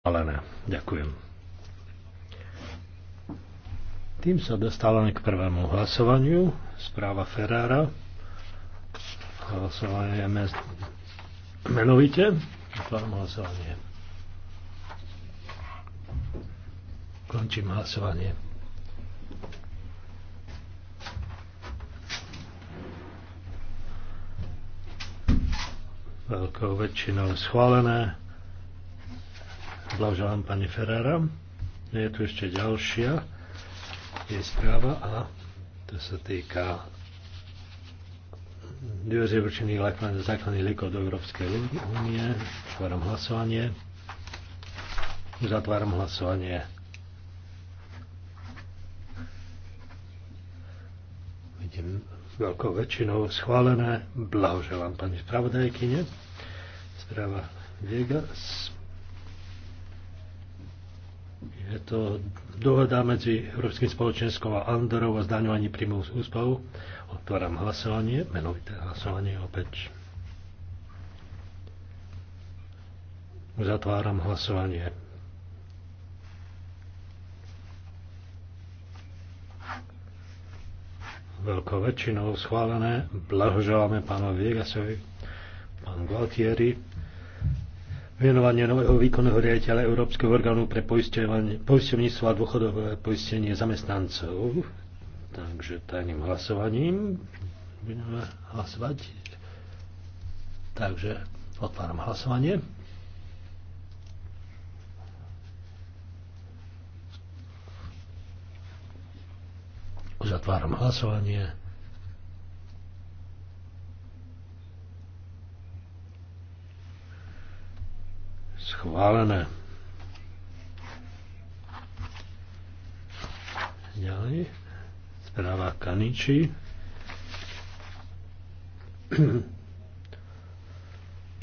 Alena, ďakujem. Tým sa dostávame k prvému hlasovaniu. Správa Ferrara. Hlasovanie menovite. Otváram hlasovanie. Končím hlasovanie. Veľkou väčšinou schválené. Blahoželám pani Ferrara. Je tu ešte ďalšia jej správa a to sa týka diverzie vrčených základných liekov do Európskej únie. Otváram hlasovanie. Zatváram hlasovanie. Vidím veľkou väčšinou schválené. Blahoželám pani spravodajkyne. Správa Viegas. Je to dohoda medzi Európskym spoločenskom a Andorou o zdaňovaní príjmov z úspov. Otváram hlasovanie, menovité hlasovanie opäť. Zatváram hlasovanie. Veľkou väčšinou schválené. Blahoželáme pánovi Vegasovi, pán Gualtieri. Menovanie nového výkonného riaditeľa Európskeho orgánu pre poistovníctvo a dôchodové poistenie zamestnancov. Takže tajným hlasovaním budeme hlasovať. Takže otváram hlasovanie. Uzatváram hlasovanie. Schválené. Ďalej. Správa Kaniči.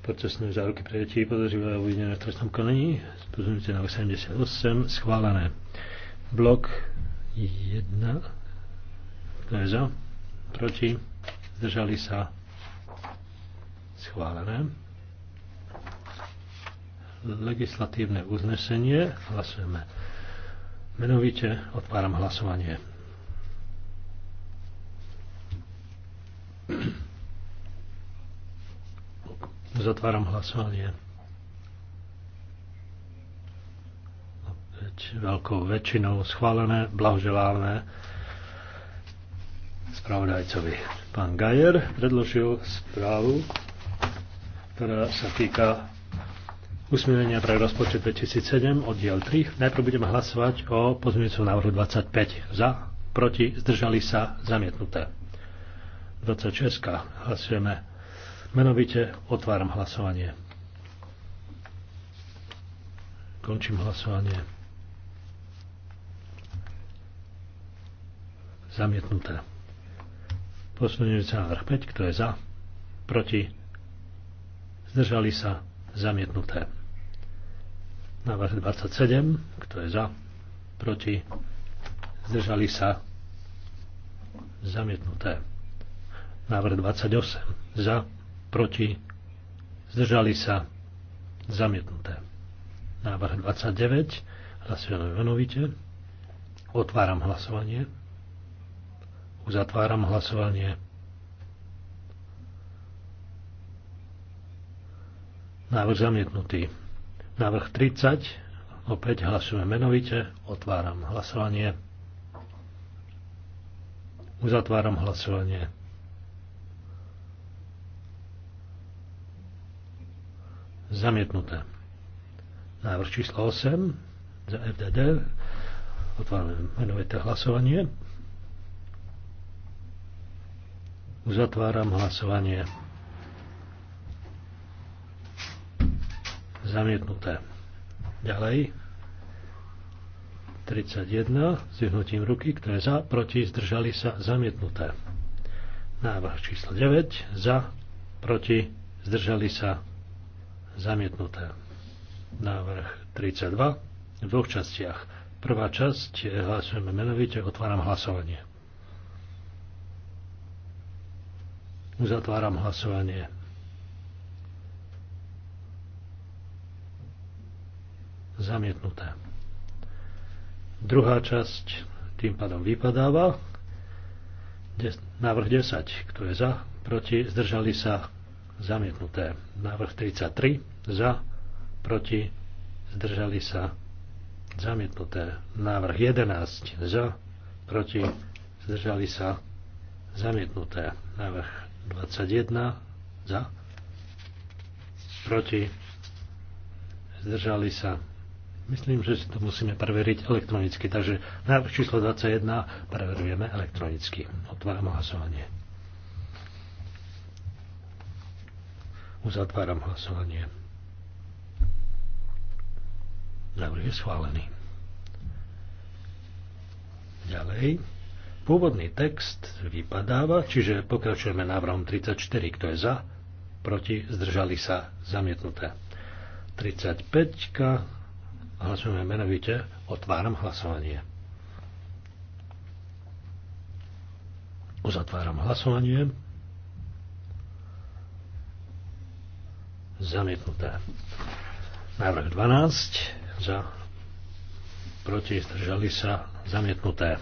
Procesné záruky pre deti podozrivá uvedené v trestnom konaní. Spozorujte na 88. Schválené. Blok 1. To je za. Proti. Zdržali sa. Schválené legislatívne uznesenie. Hlasujeme. Menovite otváram hlasovanie. Zatváram hlasovanie. Opäť veľkou väčšinou schválené, blahoželáme spravodajcovi. Pán Gajer predložil správu, ktorá sa týka Usmievenia pre rozpočet 2007, oddiel 3. Najprv budeme hlasovať o pozmeňujúcom návrhu 25. Za, proti, zdržali sa, zamietnuté. 26. Hlasujeme. Menovite otváram hlasovanie. Končím hlasovanie. Zamietnuté. Posunujúci návrh 5. Kto je za? Proti? Zdržali sa? Zamietnuté. Návrh 27. Kto je za? Proti? Zdržali sa? Zamietnuté. Návrh 28. Za? Proti? Zdržali sa? Zamietnuté. Návrh 29. Hlasujeme venovite. Otváram hlasovanie. Uzatváram hlasovanie. Návrh zamietnutý. Návrh 30. Opäť hlasujeme menovite. Otváram hlasovanie. Uzatváram hlasovanie. Zamietnuté. Návrh číslo 8 za FDD. Otvárame menovité hlasovanie. Uzatváram hlasovanie. Zamietnuté. Ďalej. 31. Zvihnutím ruky. Kto je za? Proti? Zdržali sa? Zamietnuté. Návrh číslo 9. Za? Proti? Zdržali sa? Zamietnuté. Návrh 32. V dvoch častiach. Prvá časť. Eh, hlasujeme menovite. Otváram hlasovanie. Uzatváram hlasovanie. zamietnuté. Druhá časť tým pádom vypadáva. Návrh 10, kto je za, proti, zdržali sa, zamietnuté. Návrh 33, za, proti, zdržali sa, zamietnuté. Návrh 11, za, proti, zdržali sa, zamietnuté. Návrh 21, za, proti, zdržali sa, Myslím, že si to musíme preveriť elektronicky. Takže návrh číslo 21 preverujeme elektronicky. Otváram hlasovanie. Uzatváram hlasovanie. Návrh je schválený. Ďalej. Pôvodný text vypadáva, čiže pokračujeme návrhom 34. Kto je za? Proti? Zdržali sa? Zamietnuté. 35 Hlasujeme menovite. Otváram hlasovanie. Uzatváram hlasovanie. Zamietnuté. Návrh 12. Za. Proti. Zdržali sa. Zamietnuté.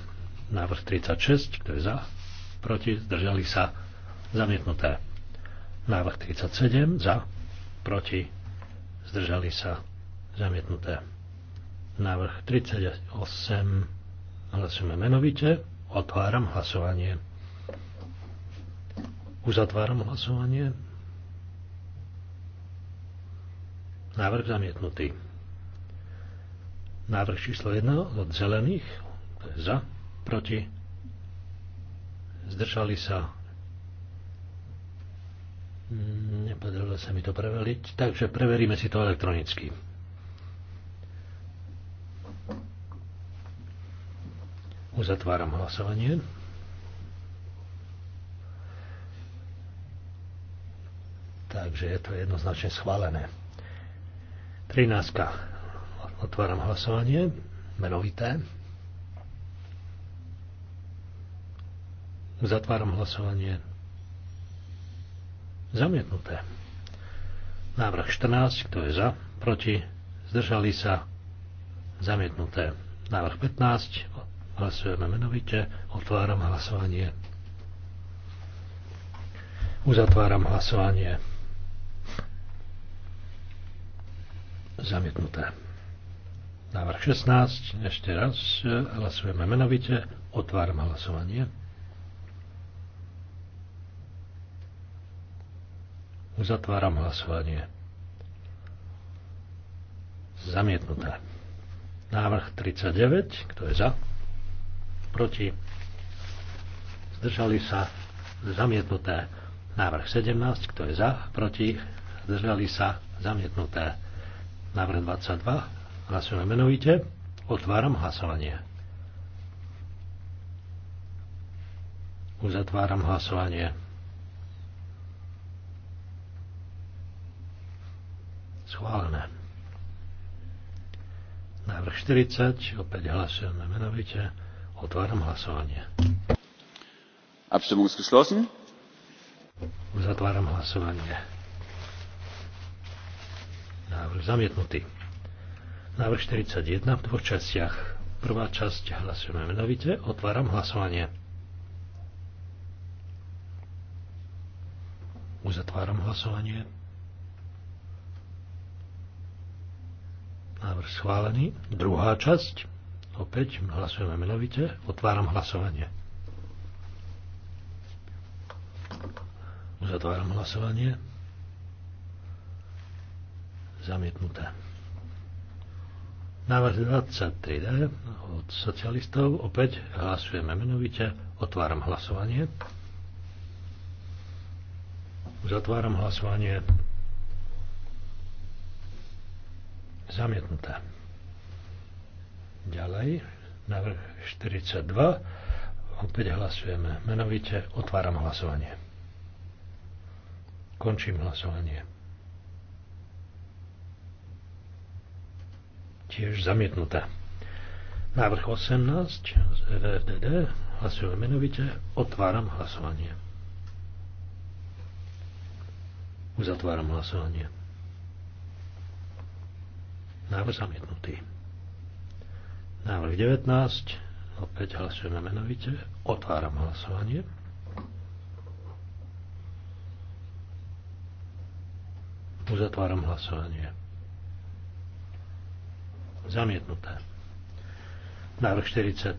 Návrh 36. Kto je za? Proti. Zdržali sa. Zamietnuté. Návrh 37. Za. Proti. Zdržali sa. Zamietnuté. Návrh 38. Hlasujeme menovite. Otváram hlasovanie. Uzatváram hlasovanie. Návrh zamietnutý. Návrh číslo 1 od zelených. To je za, proti. Zdržali sa. Mm, nepodarilo sa mi to preveliť, takže preveríme si to elektronicky. Uzatváram hlasovanie. Takže je to jednoznačne schválené. 13. Otváram hlasovanie. Menovité. Zatváram hlasovanie. Zamietnuté. Návrh 14. Kto je za? Proti? Zdržali sa? Zamietnuté. Návrh 15. Hlasujeme menovite. Otváram hlasovanie. Uzatváram hlasovanie. Zamietnuté. Návrh 16. Ešte raz e, hlasujeme menovite. Otváram hlasovanie. Uzatváram hlasovanie. Zamietnuté. Návrh 39. Kto je za? proti, zdržali sa zamietnuté. Návrh 17, kto je za, proti, zdržali sa zamietnuté. Návrh 22, hlasujeme menovite, otváram hlasovanie. Uzatváram hlasovanie. Schválené. Návrh 40, opäť hlasujeme menovite. Otváram hlasovanie. Abstimmung ist geschlossen. Uzatváram hlasovanie. Návrh zamietnutý. Návrh 41 v dvoch častiach. Prvá časť hlasujeme menovite. Otváram hlasovanie. Uzatváram hlasovanie. Návrh schválený. Druhá časť. Opäť hlasujeme menovite. Otváram hlasovanie. Uzatváram hlasovanie. Zamietnuté. Návrh 23D od socialistov. Opäť hlasujeme menovite. Otváram hlasovanie. Uzatváram hlasovanie. Zamietnuté. Ďalej, návrh 42. Opäť hlasujeme. Menovite otváram hlasovanie. Končím hlasovanie. Tiež zamietnuté. Návrh 18 z EVFDD. Hlasujeme menovite. Otváram hlasovanie. Uzatváram hlasovanie. Návrh zamietnutý. Návrh 19. Opäť hlasujeme menovite. Otváram hlasovanie. Uzatváram hlasovanie. Zamietnuté. Návrh 43.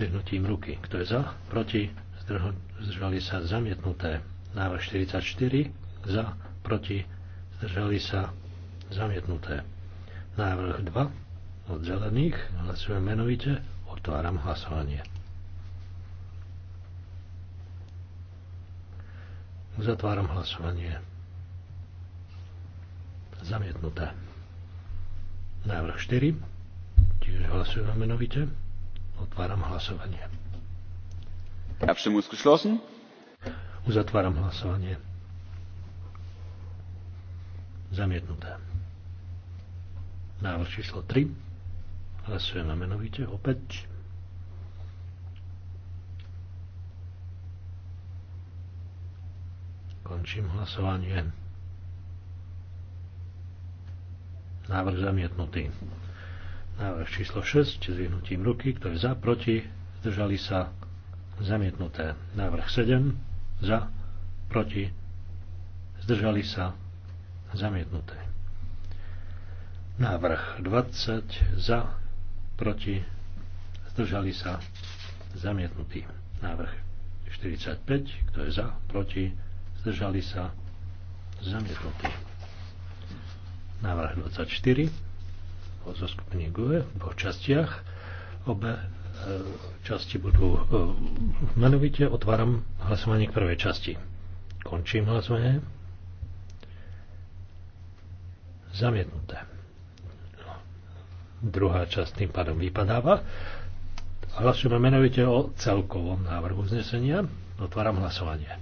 Zdrhnutím ruky. Kto je za? Proti? Zdržali sa zamietnuté. Návrh 44. Za? Proti? Zdržali sa zamietnuté. Návrh 2 od zelených. Hlasujem menovite. Otváram hlasovanie. Zatváram hlasovanie. Zamietnuté. Návrh 4. Tiež hlasujem menovite. Otváram hlasovanie. Uzatváram hlasovanie. Zamietnuté. Návrh číslo 3. Hlasujeme menovite opäť. Končím hlasovanie. Návrh zamietnutý. Návrh číslo 6 s vyhnutím ruky. Kto je za, proti, zdržali sa zamietnuté. Návrh 7 za, proti, zdržali sa zamietnuté. Návrh 20 za, proti, zdržali sa, zamietnutý. Návrh 45, kto je za, proti, zdržali sa, zamietnutý. Návrh 24, o zoskupení GUE v dvoch častiach. Obe e, časti budú e, menovite. Otváram hlasovanie k prvej časti. Končím hlasovanie. Zamietnuté. Druhá časť tým pádom vypadáva. Hlasujeme menovite o celkovom návrhu znesenia. Otváram hlasovanie.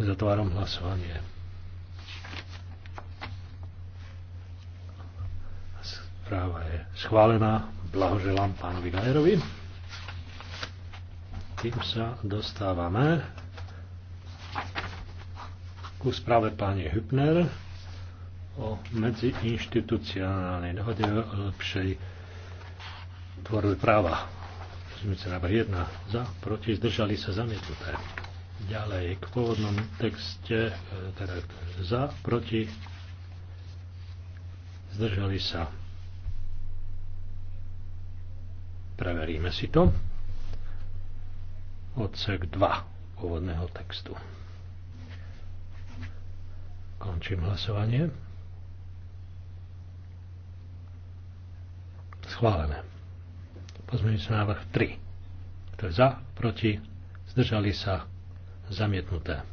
Zatváram hlasovanie. Správa je schválená. Blahoželám pánovi Gajerovi. Tým sa dostávame ku správe pani Hübner o medziinstitucionálnej dohode o lepšej tvorbe práva. Pozmite návrh 1. Za, proti, zdržali sa zamietnuté. Ďalej k pôvodnom texte, e, teda za, proti, zdržali sa. Preveríme si to. Odsek 2 pôvodného textu. Končím hlasovanie. Schválené. Pozmeňujúci návrh 3. Kto je za, proti, zdržali sa, zamietnuté.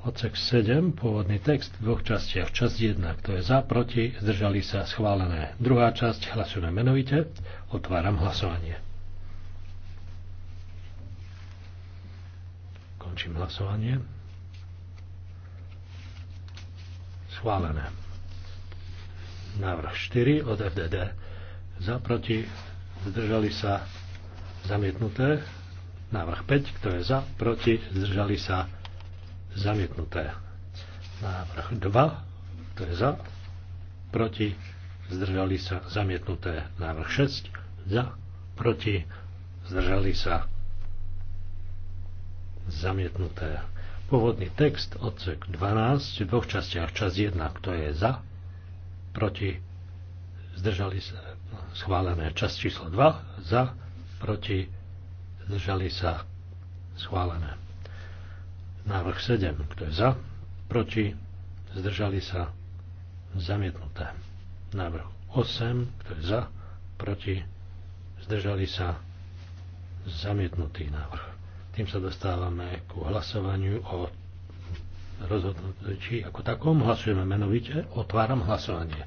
Odsek 7, pôvodný text v dvoch častiach. Časť 1, kto je za, proti, zdržali sa, schválené. Druhá časť, hlasujeme menovite. Otváram hlasovanie. Končím hlasovanie. Schválené. Návrh 4 od FDD. Za, proti, zdržali sa zamietnuté. Návrh 5, kto je za, proti, zdržali sa zamietnuté. Návrh 2, kto je za, proti, zdržali sa zamietnuté. Návrh 6, za, proti, zdržali sa zamietnuté. Pôvodný text, odsek 12, v dvoch častiach, čas 1, kto je za, proti, zdržali sa, schválené, čas číslo 2, za, proti, zdržali sa, schválené. Návrh 7, kto je za, proti, zdržali sa, zamietnuté. Návrh 8, kto je za, proti, zdržali sa, zamietnutý návrh. Tým sa dostávame ku hlasovaniu o rozhodnutí ako takom. Hlasujeme menovite. Otváram hlasovanie.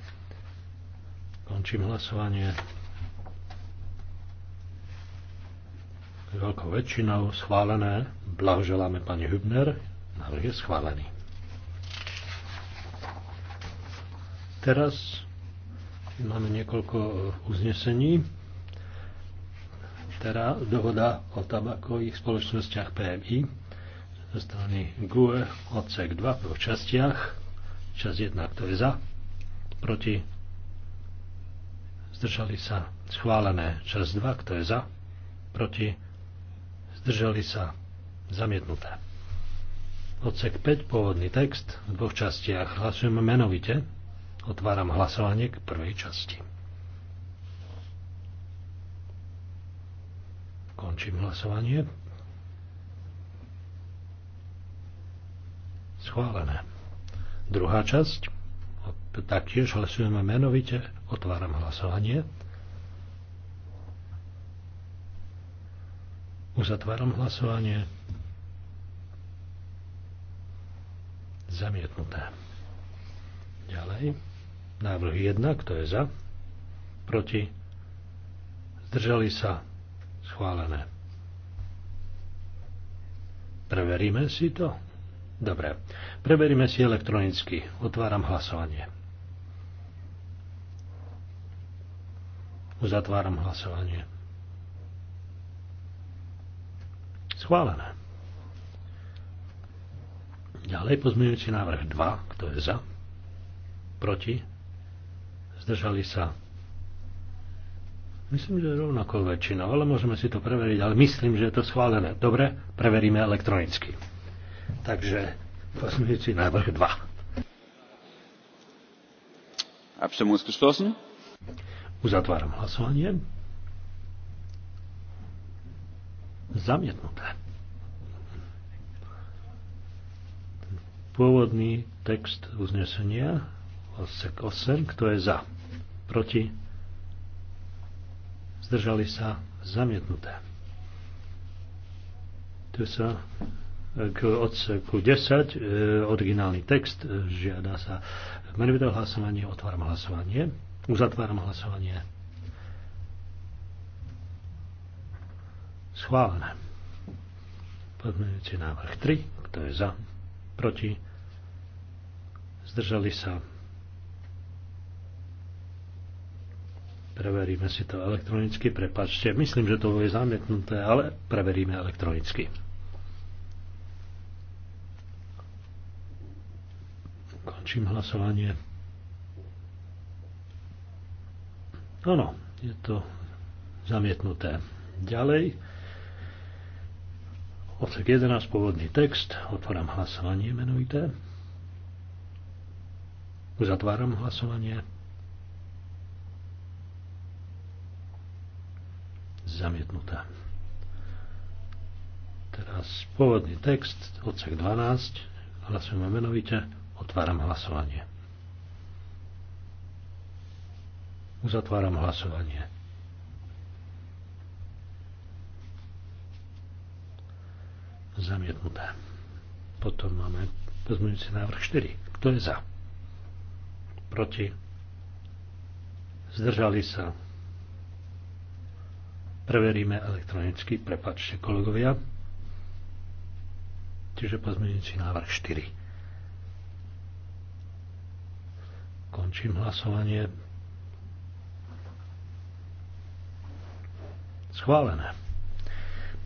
Končím hlasovanie. veľkou väčšinou schválené. Blahoželáme pani Hübner. Návrh je schválený. Teraz máme niekoľko uznesení teda dohoda o tabakových spoločnostiach PMI zo strany GUE odsek 2 v častiach. Čas 1, kto je za, proti, zdržali sa, schválené. Čas 2, kto je za, proti, zdržali sa, zamietnuté. Odsek 5, pôvodný text v dvoch častiach. Hlasujeme menovite. Otváram hlasovanie k prvej časti. Končím hlasovanie. Schválené. Druhá časť. Taktiež hlasujeme menovite. Otváram hlasovanie. Uzatváram hlasovanie. Zamietnuté. Ďalej. Návrh 1. Kto je za? Proti? Zdržali sa? Schválené. Preveríme si to? Dobre. Preveríme si elektronicky. Otváram hlasovanie. Uzatváram hlasovanie. Schválené. Ďalej pozmeňujúci návrh 2. Kto je za? Proti? Zdržali sa? Myslím, že rovnako väčšina, ale môžeme si to preveriť, ale myslím, že je to schválené. Dobre, preveríme elektronicky. Takže pozmeňujúci návrh 2. Abstimmung ist geschlossen. Uzatváram hlasovanie. Zamietnuté. Pôvodný text uznesenia odsek 8, kto je za, proti, zdržali sa zamietnuté. Tu sa eh, k odseku 10, e, eh, originálny text, e, žiada sa menovité hlasovanie, otváram hlasovanie, uzatváram hlasovanie. Schválené. Podmenujúci návrh 3, kto je za, proti, zdržali sa Preveríme si to elektronicky, prepačte. Myslím, že to je zamietnuté, ale preveríme elektronicky. Končím hlasovanie. Áno, je to zamietnuté. Ďalej, odsek 11, pôvodný text, otváram hlasovanie menovité. Uzatváram hlasovanie. zamietnutá. Teraz pôvodný text, odsek 12, hlasujeme menovite, otváram hlasovanie. Uzatváram hlasovanie. Zamietnuté. Potom máme pozmeňujúci návrh 4. Kto je za? Proti? Zdržali sa? Preveríme elektronicky, prepačte kolegovia. Čiže pozmeňujúci návrh 4. Končím hlasovanie. Schválené.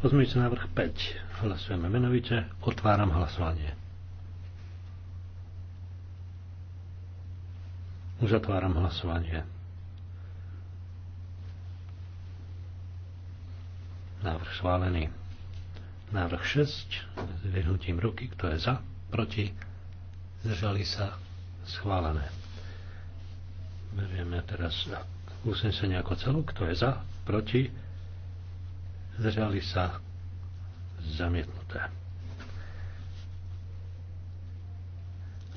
Pozmeňujúci návrh 5. Hlasujeme menovite. Otváram hlasovanie. Uzatváram hlasovanie. Návrh schválený. Návrh 6. vyhnutím ruky. Kto je za? Proti? Zdržali sa? Schválené. Berieme teraz na uznesenie ako celú. Kto je za? Proti? Zdržali sa? Zamietnuté.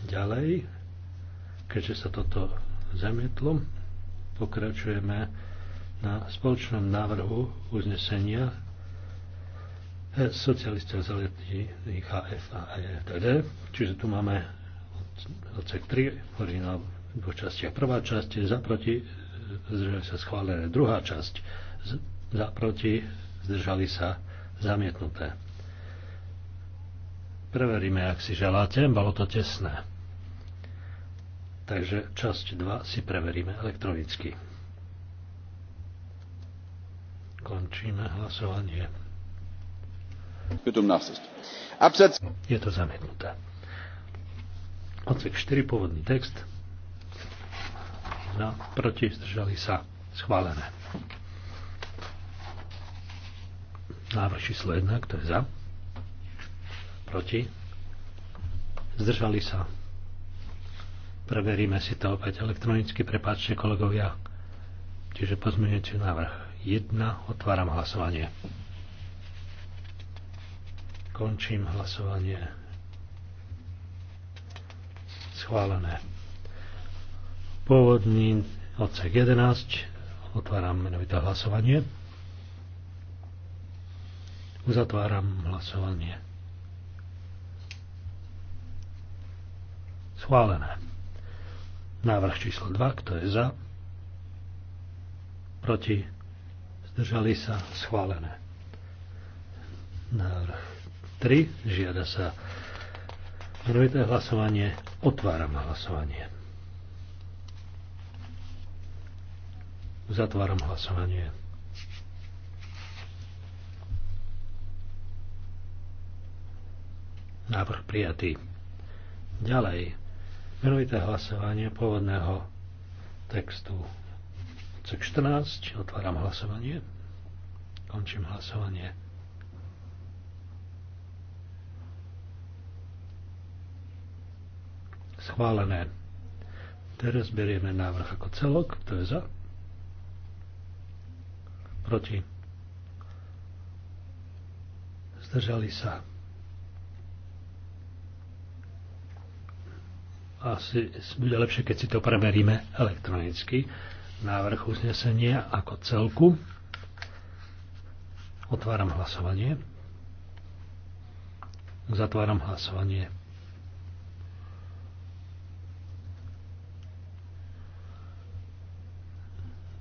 Ďalej, keďže sa toto zamietlo, pokračujeme na spoločnom návrhu uznesenia socialistov zaletí HF a EFTD. Čiže tu máme odsek 3, originál v dvoch častiach. Prvá časť je zaproti, zdržali sa schválené. Druhá časť Zaproti, zdržali sa zamietnuté. Preveríme, ak si želáte, bolo to tesné. Takže časť 2 si preveríme elektronicky. Končíme hlasovanie. Je to zamietnuté. Odsek 4, pôvodný text. Za, proti, zdržali sa. Schválené. Návrh číslo 1, kto je za? Proti? Zdržali sa. Preveríme si to opäť elektronicky, prepáčte kolegovia. Čiže pozmeňujúci návrh 1. Otváram hlasovanie. Končím hlasovanie. Schválené. Pôvodný odsek 11. Otváram menovité hlasovanie. Uzatváram hlasovanie. Schválené. Návrh číslo 2. Kto je za? Proti? Zdržali sa schválené. Návrh 3. Žiada sa menovité hlasovanie. Otváram hlasovanie. Zatváram hlasovanie. Návrh prijatý. Ďalej. Menovité hlasovanie pôvodného textu 2014. Otváram hlasovanie. Končím hlasovanie. Schválené. Teraz berieme návrh ako celok. Kto je za? Proti. Zdržali sa. asi bude lepšie, keď si to premeríme elektronicky návrh uznesenia ako celku. Otváram hlasovanie. Zatváram hlasovanie.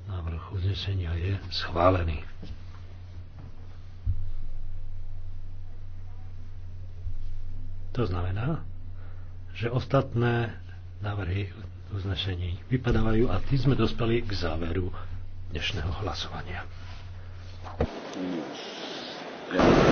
Návrh uznesenia je schválený. To znamená, že ostatné návrhy uznašení vypadávajú a tým sme dospeli k záveru dnešného hlasovania. Yes.